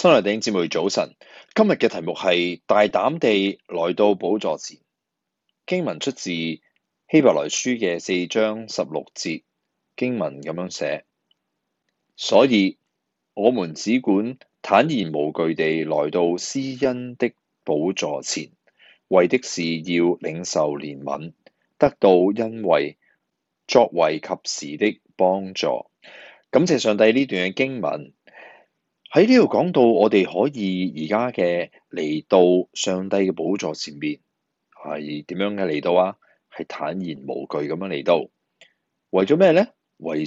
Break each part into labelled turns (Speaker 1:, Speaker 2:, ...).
Speaker 1: 親愛的弟兄姊妹，早晨。今日嘅題目係大膽地來到寶座前。經文出自希伯來書嘅四章十六節，經文咁樣寫，所以我們只管坦然無懼地來到施恩的寶座前，為的是要領受憐憫，得到恩惠，作為及時的幫助。感謝上帝呢段嘅經文。喺呢度講到，我哋可以而家嘅嚟到上帝嘅寶座前面，係點樣嘅嚟到啊？係坦然無懼咁樣嚟到，為咗咩咧？為咗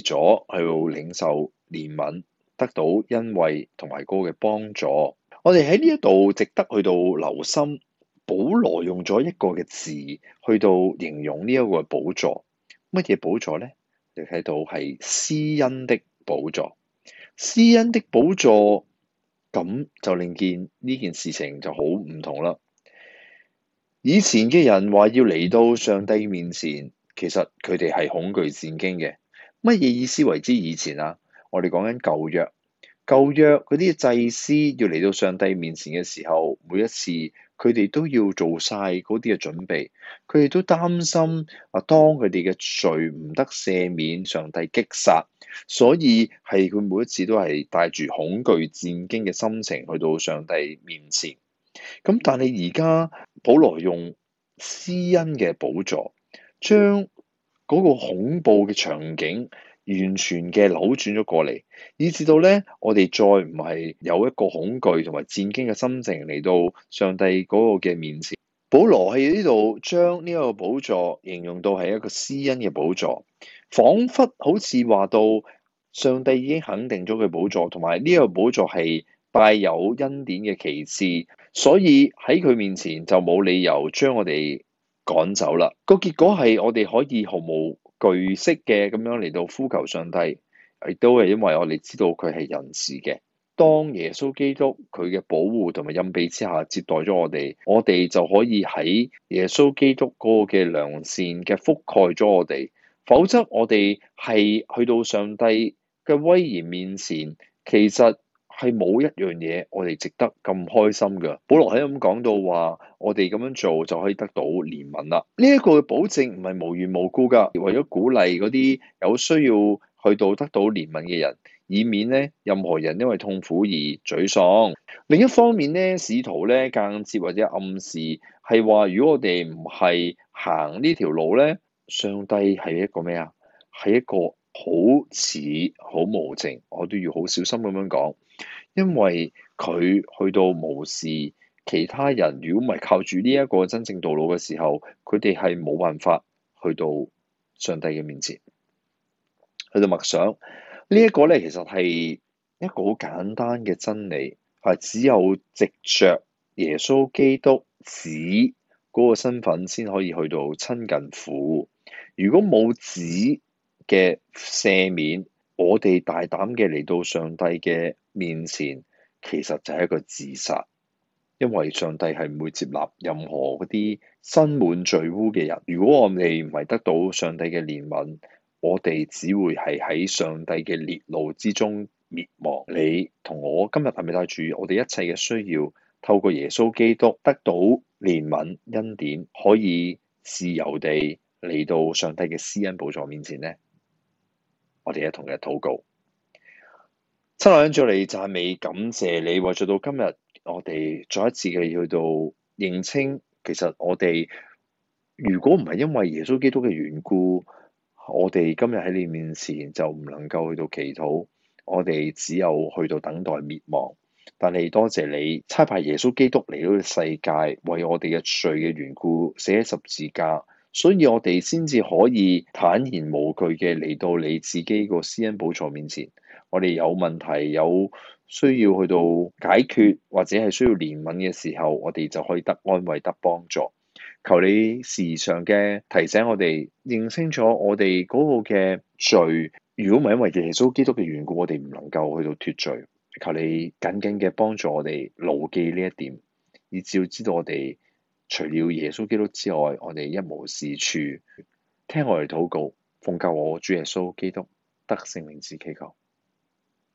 Speaker 1: 去到領受憐憫，得到恩惠同埋祂嘅幫助。我哋喺呢一度值得去到留心，保羅用咗一個嘅字去到形容呢一個寶座，乜嘢寶座咧？你睇到係施恩的寶座。施恩的寶座，咁就令件呢件事情就好唔同啦。以前嘅人話要嚟到上帝面前，其實佢哋係恐懼戰驚嘅。乜嘢意思為之以前啊？我哋講緊舊約，舊約嗰啲祭司要嚟到上帝面前嘅時候，每一次。佢哋都要做晒嗰啲嘅準備，佢哋都擔心啊，當佢哋嘅罪唔得赦免，上帝擊殺，所以係，佢每一次都係帶住恐懼戰驚嘅心情去到上帝面前。咁但係而家，保羅用施恩嘅寶座，將嗰個恐怖嘅場景。完全嘅扭轉咗過嚟，以至到咧，我哋再唔係有一個恐懼同埋戰驚嘅心情嚟到上帝嗰個嘅面前。保羅喺呢度將呢個寶座形容到係一個施恩嘅寶座，仿佛好似話到上帝已經肯定咗佢寶座，同埋呢個寶座係帶有恩典嘅啟示，所以喺佢面前就冇理由將我哋趕走啦。個結果係我哋可以毫無。具式嘅咁樣嚟到呼求上帝，亦都係因為我哋知道佢係人事嘅。當耶穌基督佢嘅保護同埋恩庇之下接待咗我哋，我哋就可以喺耶穌基督嗰個嘅良善嘅覆蓋咗我哋。否則我哋係去到上帝嘅威嚴面前，其實。係冇一樣嘢我哋值得咁開心嘅。保羅喺咁講到話，我哋咁樣做就可以得到憐憫啦。呢一個嘅保證唔係無緣無故㗎，為咗鼓勵嗰啲有需要去到得到憐憫嘅人，以免咧任何人因為痛苦而沮喪。另一方面咧，試圖咧間接或者暗示係話，如果我哋唔係行呢條路咧，上帝係一個咩啊？係一個好似好無情，我都要好小心咁樣講。因為佢去到無視其他人，如果唔係靠住呢一個真正道路嘅時候，佢哋係冇辦法去到上帝嘅面前去到默想、這個、呢一個咧，其實係一個好簡單嘅真理，係只有藉着耶穌基督子嗰個身份先可以去到親近父。如果冇子嘅赦免，我哋大膽嘅嚟到上帝嘅。面前其實就係一個自殺，因為上帝係唔會接納任何嗰啲身滿罪污嘅人。如果我哋唔係得到上帝嘅憐憫，我哋只會係喺上帝嘅烈怒之中滅亡。你同我今日係咪帶住我哋一切嘅需要，透過耶穌基督得到憐憫恩典，可以自由地嚟到上帝嘅施恩寶座面前呢？我哋一同嘅禱告。親愛幫助你讚美、感謝你，為咗到今日，我哋再一次嘅去到認清，其實我哋如果唔係因為耶穌基督嘅緣故，我哋今日喺你面前就唔能夠去到祈禱，我哋只有去到等待滅亡。但係多謝你差派耶穌基督嚟到世界，為我哋嘅罪嘅緣故死喺十字架，所以我哋先至可以坦然無懼嘅嚟到你自己個施恩寶座面前。我哋有問題，有需要去到解決，或者係需要憐憫嘅時候，我哋就可以得安慰、得幫助。求你時常嘅提醒我哋，認清楚我哋嗰個嘅罪。如果唔係因為耶穌基督嘅緣故，我哋唔能夠去到脫罪。求你緊緊嘅幫助我哋，牢記呢一點，而只要知道我哋除了耶穌基督之外，我哋一無是處。聽我哋禱告，奉救我主耶穌基督得勝名字祈求。